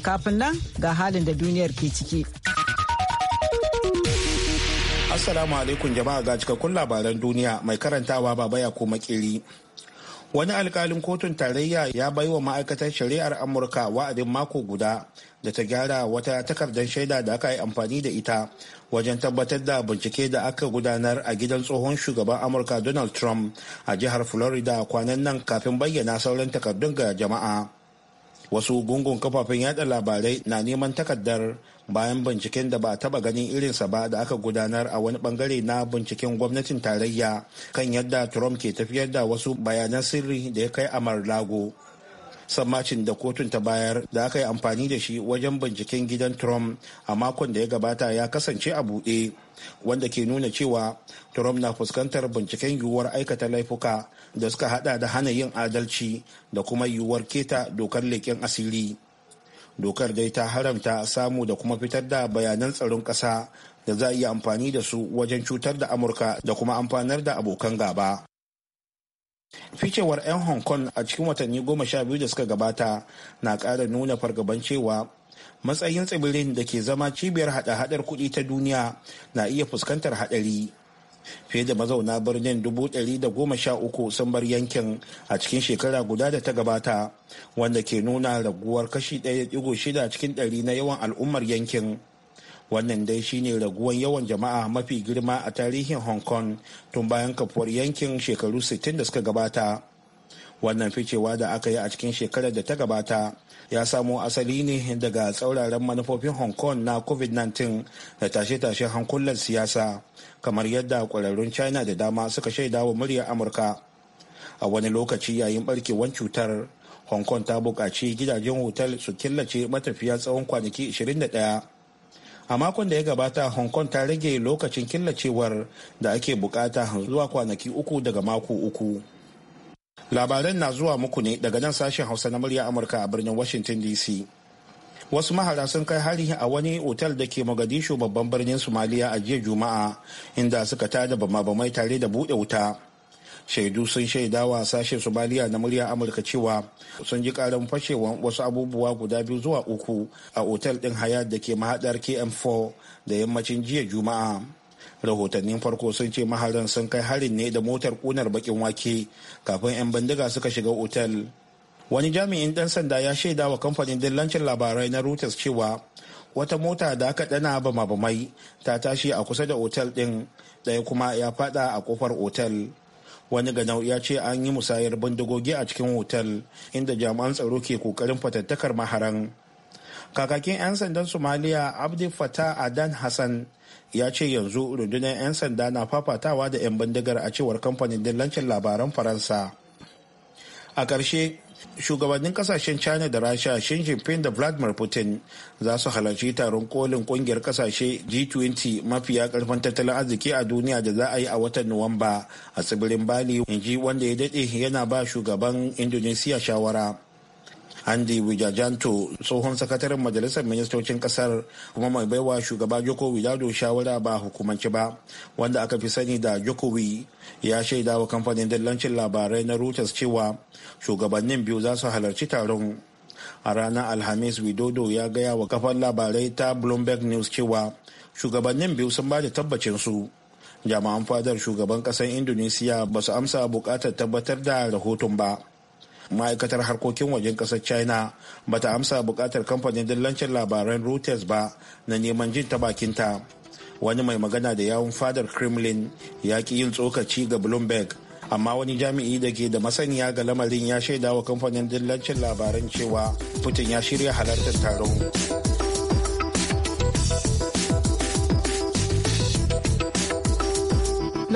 Kafin nan ga halin da duniyar ke ciki. Assalamu alaikum jama'a ga cikakkun labaran duniya mai karantawa baba ya koma kiri. Wani alkalin kotun tarayya ya bai wa ma'aikatar shari'ar Amurka wa'adin mako guda da ta gyara wata takardar shaida da aka yi amfani da ita wajen tabbatar da bincike da aka gudanar a gidan tsohon shugaban Amurka Donald Trump a jihar Florida kwanan nan kafin bayyana sauran takardun ga jama'a. wasu gungun kafafen yada labarai na neman takardar bayan binciken da ba taba ganin irinsa ba da aka gudanar a wani bangare na binciken gwamnatin tarayya kan yadda trump ke tafiyar da wasu bayanan sirri da ya kai a lago sammacin da kotun ta bayar da aka yi amfani da shi wajen binciken gidan trump a makon da ya gabata ya kasance a buɗe wanda ke nuna cewa trump na fuskantar binciken yiwuwar aikata laifuka da suka hada da hana yin adalci da kuma yiwuwar keta dokar leƙen asiri dokar dai ta haramta samu da kuma fitar da bayanan tsaron ƙasa da za a iya amfani da su wajen cutar da amurka da kuma amfanar da abokan gaba ficewar 'yan hong kong a cikin watanni goma sha biyu da suka gabata na ƙara nuna fargaban cewa matsayin tsibirin da ke zama cibiyar hada-hadar kuɗi ta duniya na iya fuskantar haɗari fiye da mazauna birnin dubu ɗari da goma sha uku sun bar yankin a cikin shekara guda da ta gabata wanda ke nuna raguwar kashi ɗaya ɗigo shida cikin ɗari na yawan al'ummar yankin wannan dai shine raguwar yawan jama'a mafi girma a tarihin hong kong tun bayan kafuwar yankin shekaru sittin da suka gabata wannan ficewa da aka yi a cikin shekarar da ta gabata ya samo asali ne daga tsauraran manufofin hong kong na covid-19 da tashe-tashen hankulan siyasa kamar yadda kwararrun china da dama suka shaida wa muryar amurka a wani lokaci yayin barkewar cutar hong kong ta buƙaci gidajen hotel su killace matafiya tsawon kwanaki 21 a makon da ya gabata hong kong ta rage lokacin killacewar da ake bukata zuwa kwanaki uku daga mako uku labaran na zuwa muku ne daga nan sashen hausa na murya amurka a birnin washington dc wasu mahara sun kai hari a wani otal da ke mogadishu babban birnin somaliya a jiya juma'a inda suka tada bama-bamai tare da bude wuta shaidu sun shaida wa sashen somaliya na murya amurka cewa sun ji karin fashewan wasu abubuwa guda biyu zuwa uku a otal din hayat da ke mahadar km4 da yammacin jiya juma'a rahotannin farko sun ce maharan sun kai harin ne da motar kunar bakin wake kafin 'yan bindiga suka shiga otal wani jami'in dan sanda ya shaida wa kamfanin dillancin labarai na reuters cewa wata mota da aka dana bama bamai ta tashi a kusa da otal din daya kuma ya fada a kofar otal wani ga ya ce an yi musayar bindigogi a cikin otal inda jami'an tsaro ke kokarin fatattakar maharan kakakin 'yan sandan somaliya abdi fata adan hassan ya ce yanzu rundunar 'yan sanda na fafatawa da 'yan bindigar a cewar kamfanin dillancin labaran faransa a ƙarshe shugabannin kasashen china da rasha xi jinping da vladimir putin za su halarci taron kolin kungiyar kasashe g20 mafiya karfin tattalin arziki a duniya da za a yi a watan nuwamba a tsibirin bali inji wanda ya daɗe yana ba shugaban indonesiya shawara andy wijajanto tsohon sakataren majalisar ministocin kasar kuma mai baiwa shugaba jokowi dado shawara ba hukumanci ba wanda aka fi sani da jokowi ya shaida wa kamfanin dillancin labarai na reuters cewa shugabannin biyu za su halarci taron a ranar alhamis widodo ya gaya wa kafar labarai ta bloomberg news cewa shugabannin biyu sun ba da tabbacin su jami'an fadar shugaban kasar indonesia ba su amsa bukatar tabbatar da rahoton ba ma'aikatar harkokin wajen ƙasar china bata amsa bukatar kamfanin dillancin labaran reuters ba na neman jin ta bakinta wani mai magana da yawun fadar kremlin ya ki yin tsokaci ga bloomberg amma wani jami'i da ke da masaniya ga lamarin ya shaida wa kamfanin dillancin labaran cewa putin ya shirya halartar taron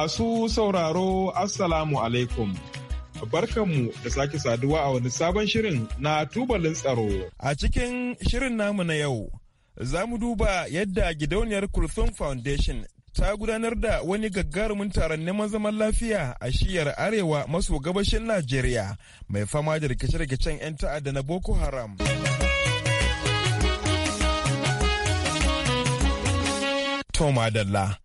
Masu sauraro Assalamu alaikum. Barkanmu da sake saduwa a wani sabon shirin na tubalin tsaro. A cikin shirin namu na yau, za mu duba yadda gidauniyar Kulfin Foundation ta gudanar da wani gagarumin taron neman zaman lafiya a shiyar arewa maso gabashin Najeriya mai fama da rikice-rikicen 'yan ta'adda na Boko Haram. Toma Dalla.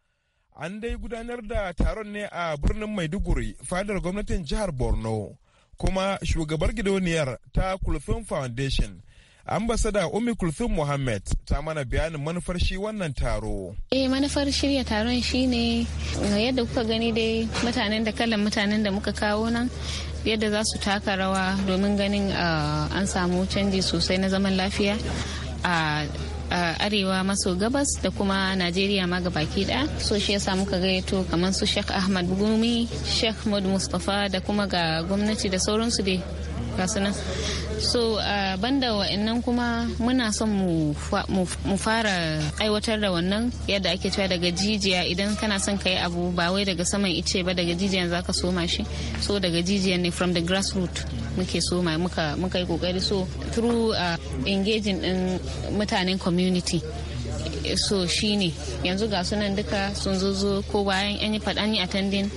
An dai gudanar da taron ne a birnin Maiduguri, fadar gwamnatin jihar Borno, kuma shugabar gidauniyar ta Kulfin Foundation. ambasada umi kulfin mohammed ta mana bayanin manufar shi wannan taro eh manufar shirya taron shi ne eh, yadda kuka gani dai mutanen da kallon mutanen da muka kawo nan yadda za su taka rawa domin ganin ah, an samu canji sosai na zaman lafiya a arewa maso gabas da kuma najeriya ma ga baki da so shi yasa muka gayyato kamar su sheikh ahmad gumi sheikh mud mustapha da kuma ga gwamnati da sauransu dai ga sunan so uh, banda wa'annan kuma muna son mu fara aiwatar da wannan yadda ake cewa daga jijiya idan kana son ka yi abu ba wai daga saman ice ba daga jijiyan zaka soma shi so daga jijiyan ne from the grassroots muke soma muka yi kokari so through uh, engaging din mutanen community so shine yanzu ga sunan duka sun zo ko bayan an yi faɗan yi attending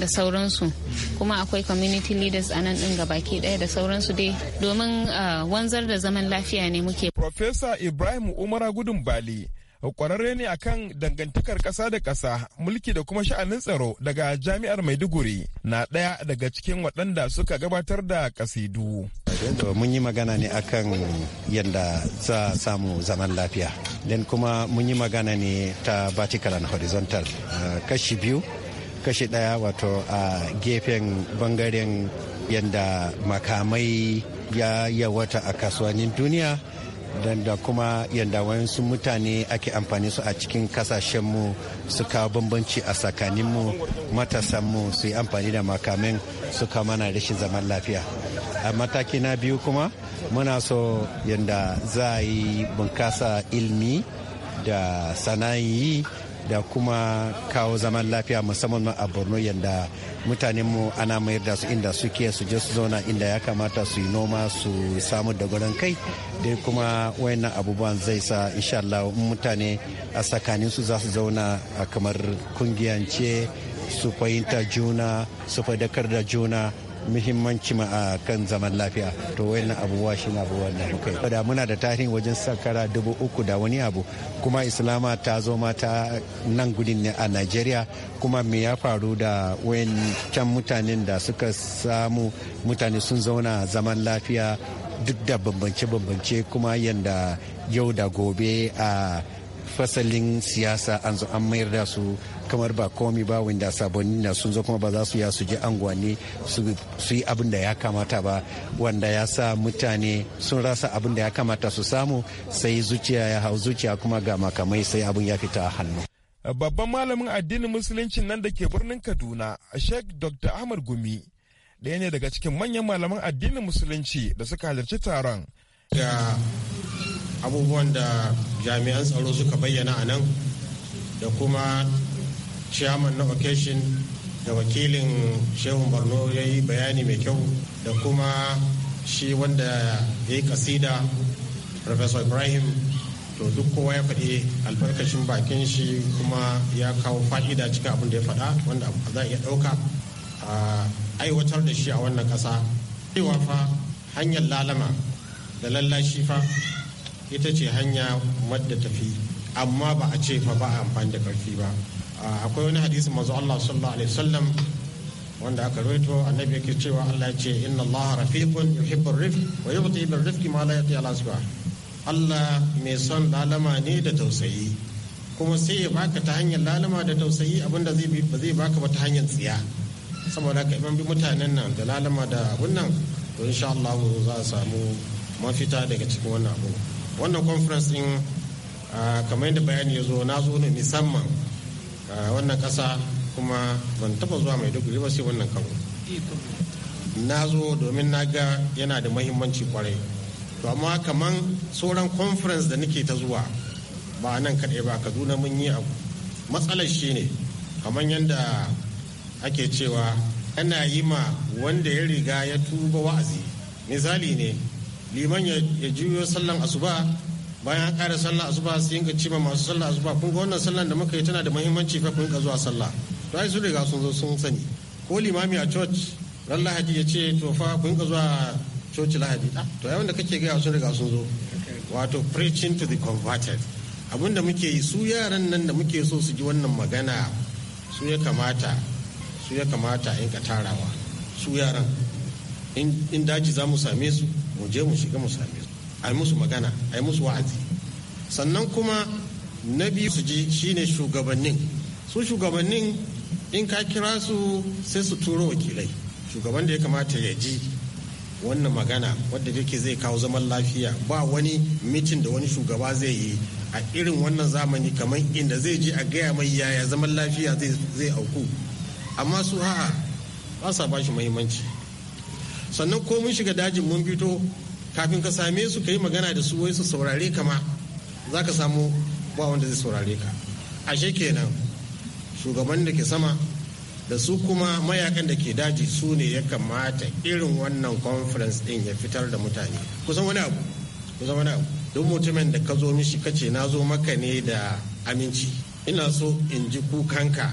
da sauransu kuma akwai community leaders a nan ɗin gabaki ɗaya da sauransu dai domin ah, wanzar da zaman lafiya ne muke. Professor Ibrahim Umara Gudun Bali kwararre ne akan dangantakar ƙasa da ƙasa mulki da kuma sha'anin tsaro daga jami'ar maiduguri na ɗaya daga cikin waɗanda suka gabatar da kasidu mun yi magana ne akan yadda za samu zaman lafiya den kuma mun yi magana ne ta vertical and horizontal ah, kashi biyu kashi ɗaya wato a gefen bangaren yadda makamai ya yawata a kasuwanin duniya da kuma yadda wayansu mutane ake amfani su a cikin kasashenmu su kawo bambanci a tsakaninmu matasanmu su yi amfani da makamin su kawo mana rashin zaman lafiya a mataki na biyu kuma muna so yadda za a yi bunkasa ilmi da yi. da kuma kawo zaman lafiya musamman a borno yadda mu ana mayar da su inda suke su je su zauna inda ya kamata su yi noma su samu dogaron kai dai kuma wayannan abubuwan zai sa insha Allah mutane a tsakanin su za su zauna kamar kungiyance su fahimta juna su faɗakar da juna muhimmanci ma a kan zaman lafiya to wani abubuwa shi na abubuwan da muka yi da muna da tarihin wajen sakara dubu uku da wani abu kuma islama ta zo mata nan gudun ne a nigeria kuma me ya faru da can mutanen da suka samu mutane sun zauna zaman lafiya duk da bambance-bambance kuma yadda yau da gobe a fasalin siyasa an zo an mayar da su kamar ba komi ba wanda sabonni na sun zo kuma ba za su ya su je anguwanni su yi abin da ya kamata ba wanda ya sa mutane sun rasa abin da ya kamata su samu sai zuciya ya hau zuciya kuma ga makamai sai abin ya fita hannu babban malamin addinin musulunci nan da ke birnin kaduna sheikh dr ahmad gumi ɗaya ne daga cikin manyan malaman addinin musulunci da suka halarci taron abubuwan da jami'an tsaro suka bayyana a nan da kuma chairman na occasion da wakilin shehun barno ya yi bayani mai kyau da kuma shi wanda ya yi kasida professor ibrahim to duk kowa ya faɗi albarkacin bakin shi kuma ya kawo fa'ida cikin abin da ya faɗa wanda za a iya ɗauka a aiwatar da shi a wannan ƙasa cewa fa hanyar lalama da lallashi fa ita ce hanya madda tafi amma ba a ce fa ba a amfani da karfi ba akwai wani hadisi mazu Allah sallallahu alaihi wasallam wanda aka rawaito annabi yake cewa Allah ya ce inna Allah rafiqun yuhibbur rifq wa yu'ti bil rifqi ma la yu'ti ala Allah mai son lalama ne da tausayi kuma sai ya baka ta hanyar lalama da tausayi abinda zai ba zai baka ba ta hanyar tsiya saboda ka bi mutanen nan da lalama da abun nan to insha Allah za a samu mafita daga cikin wannan abu wannan conference din ah, kamar yadda bayani ya zo na zo ne musamman ah, wannan kasa kuma ban taba zuwa mai maiduguri ba sai wannan karo na zo domin na ga yana da mahimmanci kwarai to amma kamar sauran conference da nake ta zuwa ba nan kaɗai ba kaduna mun yi abu matsalar shi ne kamar yadda ake cewa ana yi ma wanda ya riga ya tuba wa'azi misali ne liman ya juyo sallan asuba bayan an kare sallan asuba su yinka cima masu sallan asuba kun ga wannan sallan da muka yi tana da muhimmanci fa kun zuwa sallah to ai sun riga sun zo sun sani ko limami a church ran lahadi ya ce to fa kun zuwa coci lahadi ah, to ai wanda kake gaya sun riga sun zo wato preaching to the converted abin da muke yi su yaran nan da muke so su ji wannan magana su ya kamata su ya kamata in ka tarawa su yaran in daji za mu same su mu je mu shiga mu same su a yi musu magana a yi musu wa'azi sannan kuma na biyu su ji shine shugabannin su shugabannin in ka kira su sai su turo wakilai shugaban da ya kamata ya ji wannan magana wadda yake zai kawo zaman lafiya ba wani mitin da wani shugaba zai yi a irin wannan zamani kamar inda zai ji a gaya mai yaya zaman lafiya zai auku amma su ha'a ba sa ba shi muhimmanci sannan ko mun shiga dajin mun fito kafin ka same su ka yi magana da su wai su saurare ka ma za ka samu ba wanda zai saurare ka ashe kenan shugaban da ke sama da su kuma mayakan da ke daji su ne ya kamata irin wannan conference din ya fitar da mutane kusan wani abu kusan wani abu duk mutumin da ka zo mishi kace na zo maka ne da aminci ina so in ji kukanka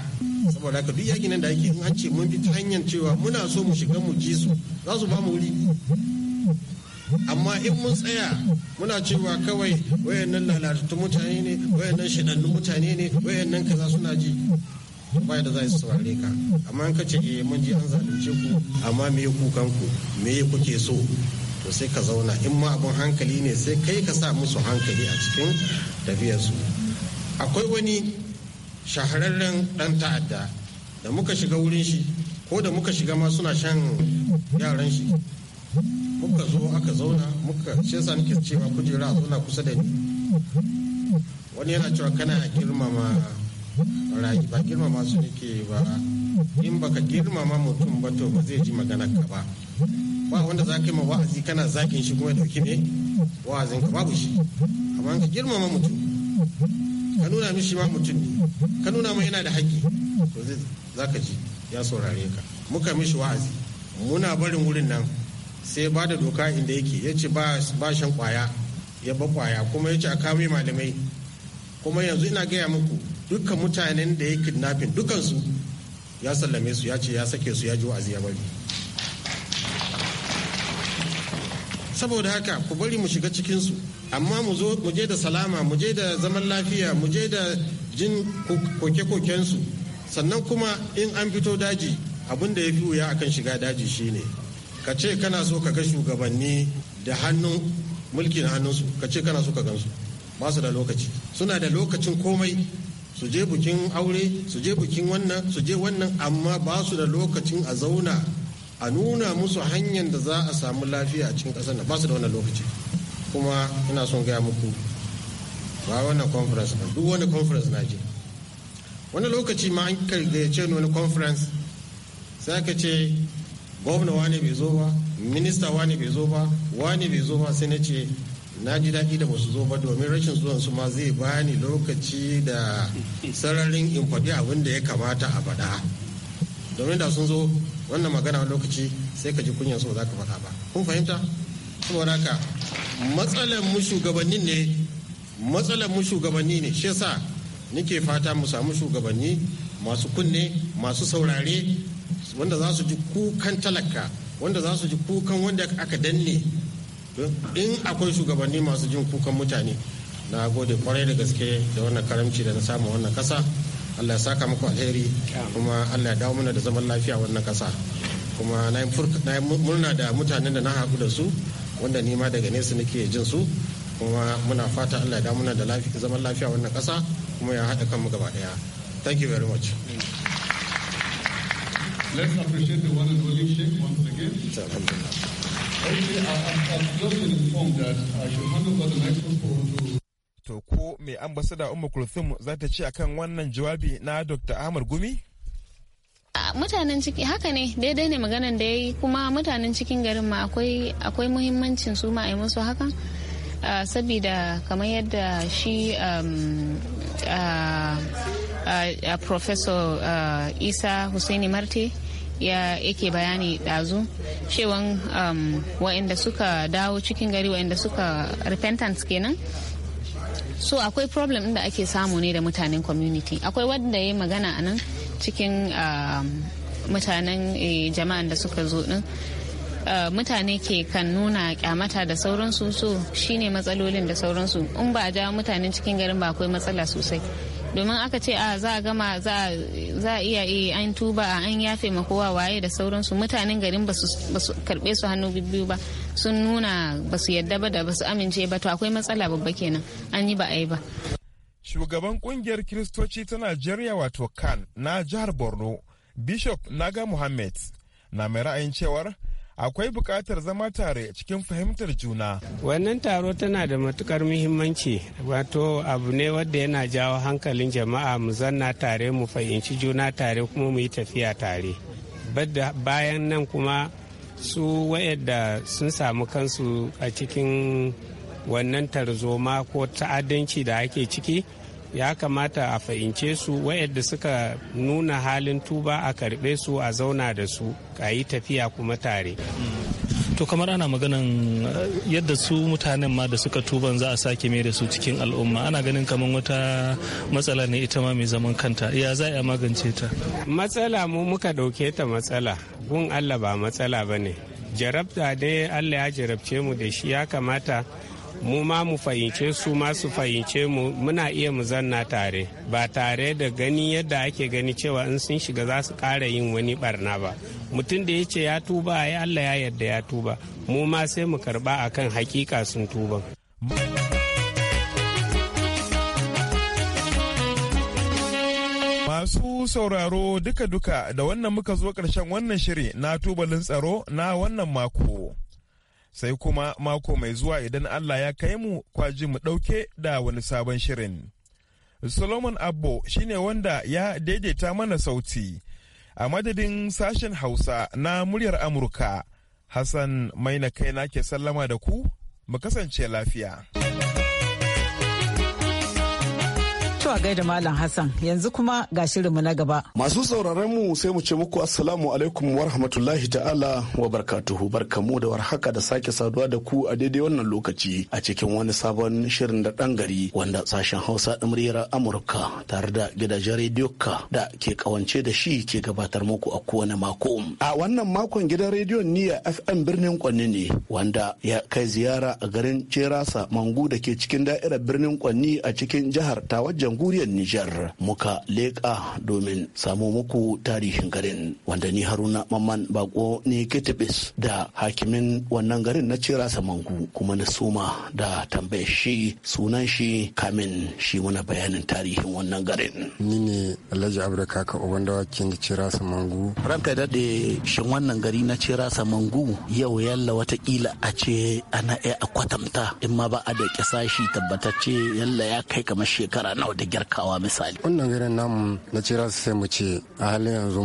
saboda haka duk yakin nan da ake an ce mun bi ta hanyar cewa muna so mu shiga mu ji su za su ba mu wuri amma in mun tsaya muna cewa kawai wayannan lalatattun mutane ne wayannan shidannun mutane ne wayannan kaza suna ji ba da za su saurare ka amma an kace eh mun ji an zalunce ku amma me ya kukan ku me ya kuke so to sai ka zauna in ma abin hankali ne sai kai ka sa musu hankali a cikin tafiyarsu akwai wani shahararren ɗan ta'adda da muka shiga wurin shi ko da muka shiga ma suna shan yaran shi muka zo aka zauna muka shi yasa nake cewa kujera a zauna kusa da ni wani yana cewa kana girmama rayu ba girmama su ke ba in baka girmama mutum ba to ba zai ji magana ka ba ba wanda za ka yi ma wa'azi kana zakin shi kuma dauki ne wa'azin ka babu shi amma ka girmama mutum ka nuna mishi ma mutum ne ka nuna mai ina da haƙƙi to zai zaka ji ya saurare ka muka mishi wa'azi muna barin wurin nan sai ba da doka inda yake ya ce ba shan kwaya ya ba kwaya kuma ya ce a kame malamai kuma yanzu ina gaya muku dukkan mutanen da ya kidnapping dukansu ya sallame su ya ce ya sake su ya ji wa'azi ya bari saboda haka ku bari mu shiga cikinsu amma mu je da salama mu je da zaman lafiya mu je da jin koke-kokensu sannan kuma in an fito daji abin da ya fi wuya akan shiga daji shine ka ce kana so ka ga shugabanni da hannun mulkin hannunsu ka ce kana so ka gansu ba su da lokaci suna da lokacin komai su je bikin aure su je bukin wannan su je wannan amma ba su da lokacin a zauna a nuna musu hanyar da za a samu lafiya a cikin ƙasar nan ba su da wannan lokaci kuma ina son gaya muku ba wannan conference ba duk wani conference na je wani lokaci ma an gayyace ni wani conference sai ka ce gwamna wani bai zo ba minista wani bai zo ba wani bai zo ba sai na ce na ji daɗi da basu zo ba domin rashin zuwan su ma zai bani lokaci da sararin in faɗi abin da ya kamata a faɗa domin da sun zo wannan magana lokaci sai ka ji kunyar so za ka faɗa ba kun fahimta saboda haka matsalar mu shugabannin ne matsalar mu shugabanni ne shi yasa nake fata mu samu shugabanni masu kunne masu saurare wanda za su ji kukan talaka wanda za su ji kukan wanda aka danne in akwai shugabanni masu jin kukan mutane na gode kwarai da gaske da wannan karamci da na samu wannan kasa allah ya saka muku alheri kuma allah ya dawo mana da zaman lafiya wannan kasa kuma na yi murna da mutanen da na haɗu da su wanda nima daga nesa nake jin su kuma muna fata Allah ya muna da lafiya zaman lafiya wannan kasa kuma ya haɗa kanmu gaba daya thank you very much let's appreciate the one and only shake once again just to ko mai ambasada umma kulthum za ta ce akan wannan jawabi na dr ahmad gumi mutanen ciki haka ne daidai ne maganan da ya yi kuma mutanen cikin garin ma akwai muhimmancin su ma a yi musu hakan Ah, saboda kamar yadda shi um, ah, ah, professor isa hussaini marte ya yake bayani ɗazu cewan um, wa'inda waɗanda suka dawo cikin gari waɗanda suka repentance kenan so akwai problem da ake samu ne da mutanen community akwai wanda ya yi magana a nan cikin mutanen eh, jama'an da suka zo din Eh, mutane ke kan nuna kyamata da sauransu so shine matsalolin da sauransu in ba a ja mutanen cikin garin ba akwai matsala sosai domin aka ce a za a gama za a iya yi eh, an tuba a an yafe ma kowa waye da sauransu mutanen garin ba su karbe su hannu biyu ba sun nuna ba su yadda ba da ba su amince ba to akwai matsala babba kenan an yi ba a yi ba shugaban kungiyar kiristoci ta najeriya wato kan na jihar borno bishop naga muhammed na mai ra'ayin cewar akwai buƙatar zama tare cikin fahimtar juna. Wannan taro tana da matukar muhimmanci wato abu ne wadda yana jawo hankalin jama'a mu zanna tare mu fahimci juna tare kuma mu yi tafiya tare. Bayan nan kuma su wayanda sun samu kansu a cikin wannan tarzoma ko ta'addanci da ake ciki ya kamata a fahimce su wayanda suka nuna halin tuba a karbe su a zauna da su a yi tafiya kuma tare to kamar ana maganan eh, yadda su mutanen ma da suka tuban za a sake mai da su cikin al'umma ana ganin kamar wata matsala ne ita ma mai zaman kanta ya za a magance ta matsala mu muka ɗauke ta matsala gun allah ba matsala ba ne jarabta dai allah ya jarabce mu da shi ya kamata mu ma mu fahimce su ma su fahimce mu muna iya mu zanna tare ba tare da gani yadda ake gani cewa in sun shiga za su ƙara yin wani barna ba mutum da ya ce ya tuba ya Allah ya yarda ya tuba mu ma sai mu karba akan hakika sun tuba. Masu sauraro duka-duka da wannan muka zo karshen wannan shiri na tubalin tsaro na wannan mako. sai kuma mako mai zuwa idan Allah ya kai mu kwaji mu ɗauke da wani sabon shirin. Solomon Abbo shine wanda ya daidaita mana sauti a madadin sashen Hausa na muryar Amurka. Hassan maina kaina ke sallama da ku, mu kasance lafiya. To gaida Malam Hassan yanzu kuma ga shirinmu na gaba. Masu sauraron mu sai mu ce muku assalamu alaikum wa rahmatullahi ta'ala wa barkatuhu barkamu da warhaka da sake saduwa da ku a daidai wannan lokaci a cikin wani sabon shirin da dan gari wanda sashen Hausa da muryar Amurka tare da gidajen rediyo ka da ke kawance da shi ke gabatar muku a kowane mako. A wannan makon gidan rediyon Niyya FM birnin Kwanni ne wanda ya kai ziyara a garin Cerasa Mangu da ke cikin da'irar birnin Kwanni a cikin jihar Tawajjan jamhuriyar Nijar muka leƙa domin samu muku tarihin garin wanda ni Haruna Mamman Bako ne da hakimin wannan garin na Cira Samangu kuma na suma da tambaye shi sunan shi kamin shi muna bayanin tarihin wannan garin. Ni ne Alhaji Abdulkaka ka uban dawakin Cira Samangu. Ranka daɗe shin wannan gari na Cira Samangu yau yalla watakila a ce ana iya a kwatanta in ma ba a da shi tabbatacce yalla ya kai kamar shekara nawa da girkawa misali wannan garin namu na cira sai mu ce a halin yanzu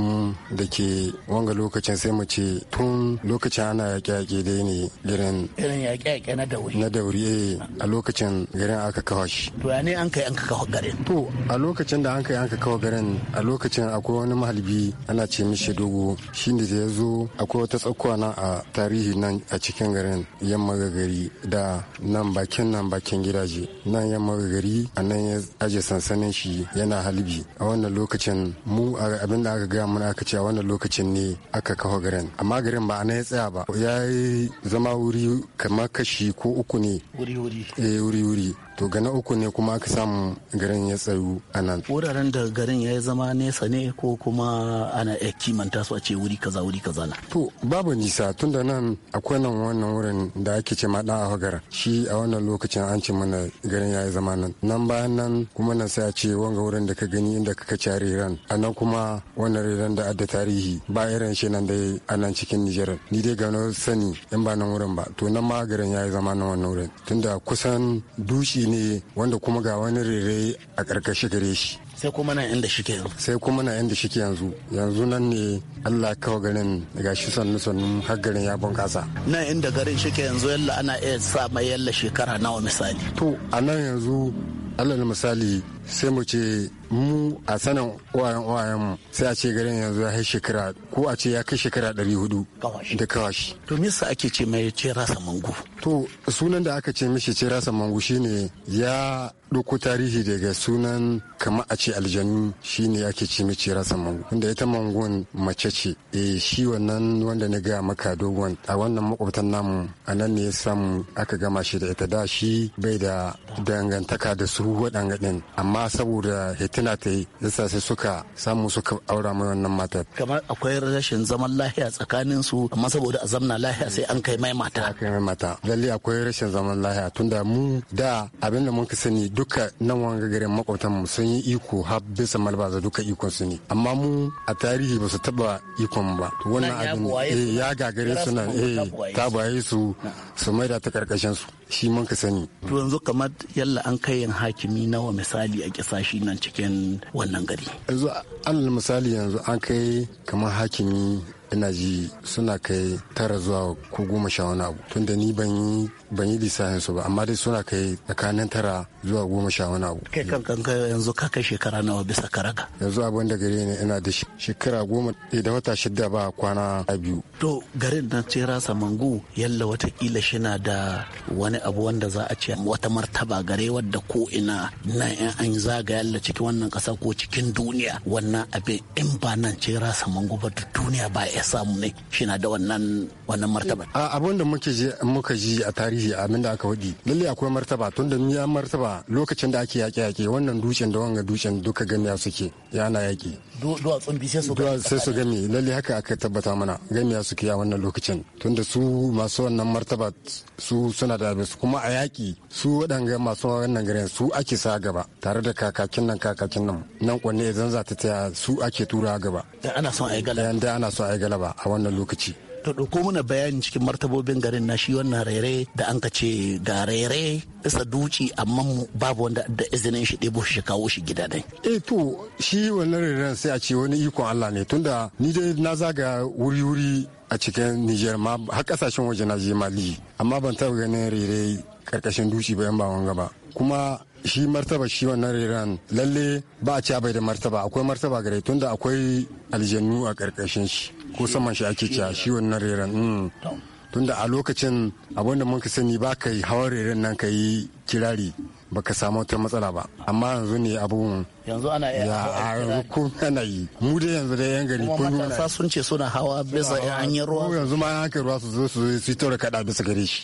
da ke wanga lokacin sai mu ce tun lokacin ana yaƙe-yaƙe dai ne garin irin yaƙe-yaƙe na dauri na dauri eh, a lokacin garin aka kawo shi to ya ne an kai an kawo garin to a lokacin da an kai an kawo garin a lokacin akwai wani mahalbi ana ce mishi dogo ne da ya zo akwai wata tsakuwa nan a tarihi nan a cikin garin yamma gari da nan bakin nan bakin gidaje nan yamma gari a nan ya aje sansanin shi yana halbi a wannan lokacin mu abin da aka gaya mana aka ce a wannan lokacin ne aka kawo garin amma garin ba na ya tsaya ba ya yi zama wuri kamar kashi ko uku ne wuri eh, wuri to ga uku ne kuma aka samu garin ya tsayu a nan wuraren da garin ya zama nesa ne ko kuma ana ya kimanta su a ce wuri kaza wuri kaza na to babu nisa tun da nan akwai nan wannan wurin da ake ce ma dan ahogara shi a wannan lokacin an ce mana garin ya zama nan nan bayan nan kuma nan sai a ce wanga wurin da ka gani inda ka kaci ran a nan kuma wannan reran da adda tarihi ba irin shi nan dai a nan cikin nijar ni dai gano sani in ba nan wurin ba to nan ma garin ya zama nan wannan wurin tunda kusan dushi ne wanda kuma ga wani rere a karkashi gare shi sai kuma nan inda shike yanzu sai kuma nan inda shike yanzu yanzu nan ne Allah kawo garin daga shi sannu sannu har garin ya bunkasa nan inda garin shike yanzu yalla ana iya sa mai yalla shekara nawa misali to a nan yanzu na misali sai mu ce mu a sanin wayan wayan mu sai a ce garin yanzu ya kai shekara ko a ce ya kai shekara ɗari hudu da kawashi. To me yasa ake ce mai ce rasa mangu? To sunan da aka ce mishi ce rasa mangu shine ya doko tarihi daga sunan kama a ce aljanu shine ake ce mishi rasa mangu inda ita mangon mace ce eh shi wannan wanda na ga maka dogon a wannan makwabtan namu a nan ne ya samu aka gama shi da ita da shi bai da dangantaka da su waɗanga din amma saboda hitin tana ta yi yasa sai suka samu suka aura mai wannan matar kamar akwai rashin zaman lahiya tsakanin su amma saboda a zamna lahiya sai an kai mai mata kai mai mata lalle akwai rashin zaman lahiya tunda mu da abinda mun ka sani duka nan wanga garin makwabtan mu sun yi iko har bisa malbaza duka ikon su ne amma mu a tarihi ba su taba ikon ba wannan abin eh, ya gagare su nan eh tabaye su su da ta karkashin su shi mun ka sani to yanzu kamar yalla an kai yin hakimi nawa misali a shi nan cikin wannan gari yanzu alal misali yanzu an kai kamar hakimi ina ji suna kai tara zuwa ko goma sha wani abu tunda ni ban yi su ba amma dai suna kai tsakanin tara zuwa goma sha wani abu kai kan kan yanzu ka kai shekara nawa bisa karaka yanzu abin da gare ne ina da shekara goma eh, da wata shida ba kwana a biyu to garin na tsira samangu yalla watakila shina da wani abu wanda za a ce wata martaba gare wadda ko ina na yan an zaga yalla cikin wannan kasa ko cikin duniya wannan abin in ba nan tsira samangu ba duniya ba ya samu ne shi na da wannan wannan martaba a abin da muke je muka ji a tarihi abin da aka wadi lalle akwai martaba tun da ya martaba lokacin da ake yaƙe yaƙe wannan dutsen da wannan dutsen duka gamiya suke yana yaƙi duwatsun bishe su gani sai su gami lalle haka aka tabbata mana ya suke a wannan lokacin tunda su masu wannan martaba su suna da su kuma a yaki su waɗanga masu wannan garin su ake sa gaba tare da kakakin nan kakakin nan nan kwanne idan za ta taya su ake tura gaba ana son a galaba da ana son a yi galaba a wannan lokaci to ɗauko mana bayani cikin martabobin garin na shi wannan rere da an kace ce ga rere isa duci amma babu wanda da izinin shi ɗebo shi kawo shi gida dai. eh to shi wannan reren sai a ce wani ikon Allah ne tunda ni dai na zaga wuri-wuri a cikin Nijar ma har kasashen waje na je Mali amma ban taɓa ganin rere karkashin duci ba yan ba wanga ba kuma shi martaba shi wannan reran lalle ba a ci bai da martaba akwai martaba gare tunda akwai aljannu a karkashin shi ko saman shi ake cewa shi wannan reran mm. tunda a lokacin abinda mun muka sani ba ka yi hawan reran nan ka yi kirari baka samu wata matsala ba amma yanzu ne abubuwan yanzu ana iya ko ana yi mu dai yanzu da yan gari ko matasa sun ce suna hawa bisa an yi ruwa yanzu ma haka ruwa su zo su fito da kada bisa gare shi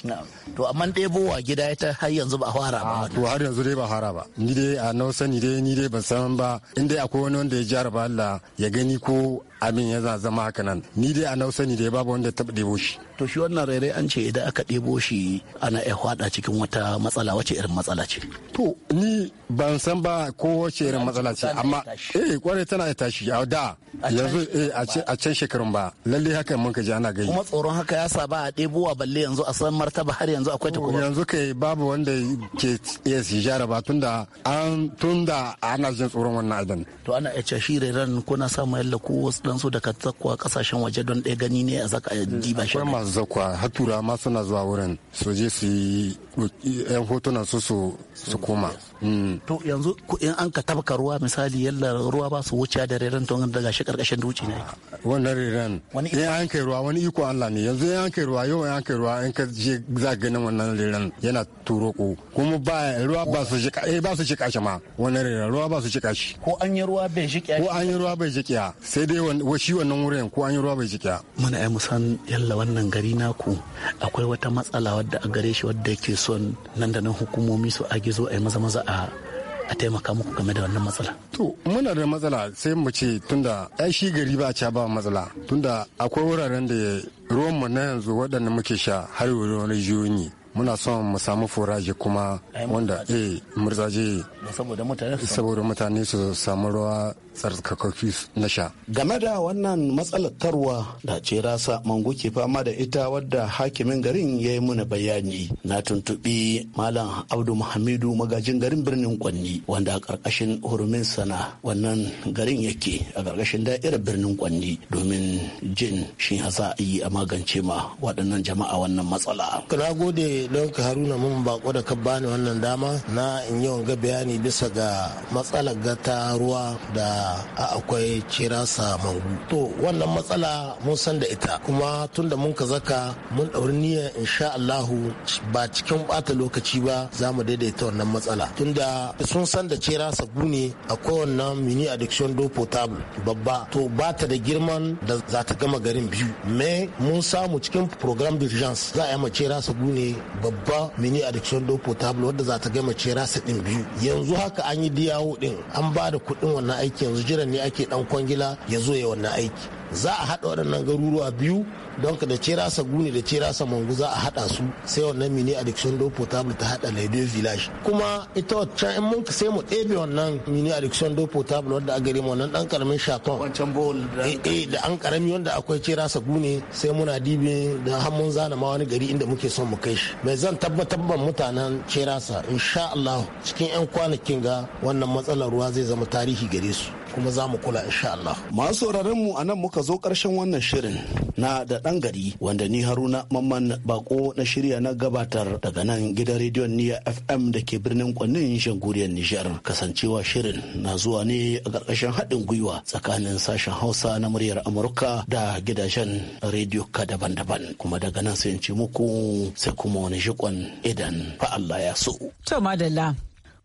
to amma dai a gida ita har yanzu ba fara ba to har yanzu dai ba fara ba ni dai a na sani dai ni dai ban san ba in dai akwai wani wanda ya jaraba Allah ya gani ko abin ya zama haka nan ni dai a na sani dai babu wanda ya taɓa ɗebo shi to shi wannan rairai an ce idan aka ɗebo shi ana iya hwada cikin wata matsala wace irin matsala ce to ni ban san ba ko wace irin matsala ce amma eh kwarai tana da tashi a da yanzu eh a can shekarun ba lalle haka mun ka ji ana gani kuma tsoron haka ya sa ba a ɗebowa balle yanzu a san martaba har yanzu akwai ta kuma yanzu kai babu wanda ke iya su ba tunda an tunda ana jin tsoron wannan adan to ana iya shi ran kuna mu yalla ko wasu dan su da ka zakwa kasashen waje don ɗaya gani ne a zaka diba shi akwai masu zakwa har turawa ma suna zuwa wurin su je su yi yan hotunan su su koma mm. to yanzu in an ka tabka ruwa misali yalla ruwa ba su wuce da reren to daga shi karkashin duci ne wannan reren in an kai ruwa wani iko Allah ne yanzu in an kai ruwa yau an kai ruwa in ka je za ganin wannan reren yana turo ko kuma ba ruwa ba su shi eh ba su shi kashi ma wannan reren ruwa ba su shi kashi ko an yi ruwa bai shi ko an yi ruwa bai shi sai dai shi wannan wurin ko an yi ruwa bai shi muna ai musan yalla wannan gari naku akwai wata matsala wadda a gare shi wadda yake so son nan da nan hukumomi su age zo a yi maza maza a a taimaka muku game da wannan matsala. To muna da matsala sai mu ce tunda ai shi gari ba ca ba matsala tunda akwai wuraren da ruwan mu na yanzu waɗanda muke sha har wani rijiyoyi muna son mu samu foraje kuma wanda eh murzaje saboda mutane su samu ruwa tsarkakoki na sha. Game da wannan matsalar tarwa da ce rasa mango ke fama da ita wadda hakimin garin ya yi mana bayani na tuntuɓi malam Abdu Muhammadu magajin garin birnin Kwanni wanda a ƙarƙashin hurumin sana wannan garin yake a ƙarƙashin da'irar birnin Kwanni domin jin shi hasa yi a magance ma waɗannan jama'a wannan matsala. Na gode don ka haruna mun bako da ka bani wannan dama na in yi wanga bayani bisa ga matsalar gata ruwa da A'a akwai sa mangu to wannan matsala mun san da ita kuma tun da mun ka zaka mun ɗauri niyyar insha Allahu ba cikin bata lokaci ba za mu daidaita wannan matsala Tunda da sun san da sa gune akwai wannan mini addiction do potable babba to ba ta da girman da za ta gama garin biyu me mun samu cikin program d'urgence za a yi mace rasa gune babba mini addiction do potable wadda za ta gama ce sa din biyu yanzu haka an yi diyawo din an ba da kuɗin wannan aikin yanzu jiran ne ake dan kwangila ya zo ya wannan aiki za a haɗa waɗannan garuruwa biyu don ka da rasa guni da rasa mangu za a haɗa su sai wannan mini addiction do potable ta haɗa laido village kuma ita waccan in mun sai mu ɗebe wannan mini addiction do potable wanda a gare mu wannan ɗan ƙaramin shakon wancan bowl da an eh, eh, ƙarami wanda akwai rasa guni sai muna dibi da har mun zana ma wani gari inda muke son mu kai shi mai zan tabbatar ban mutanen cerasa insha Allah cikin 'yan kwanakin ga wannan matsalar ruwa zai zama tarihi gare su kuma za mu kula insha Allah. Masu mu a nan muka zo ƙarshen wannan shirin na da ɗan gari wanda ni Haruna Mamman Bako na shirya na gabatar daga nan gidan rediyon Niya FM da ke birnin Kwannin Shanguriyar Nijar. Kasancewa shirin na zuwa ne a ƙarƙashin haɗin gwiwa tsakanin sashen Hausa na muryar Amurka da gidajen rediyo ka daban-daban kuma daga nan sai in ce muku sai kuma wani shikon idan fa Allah ya so. To madalla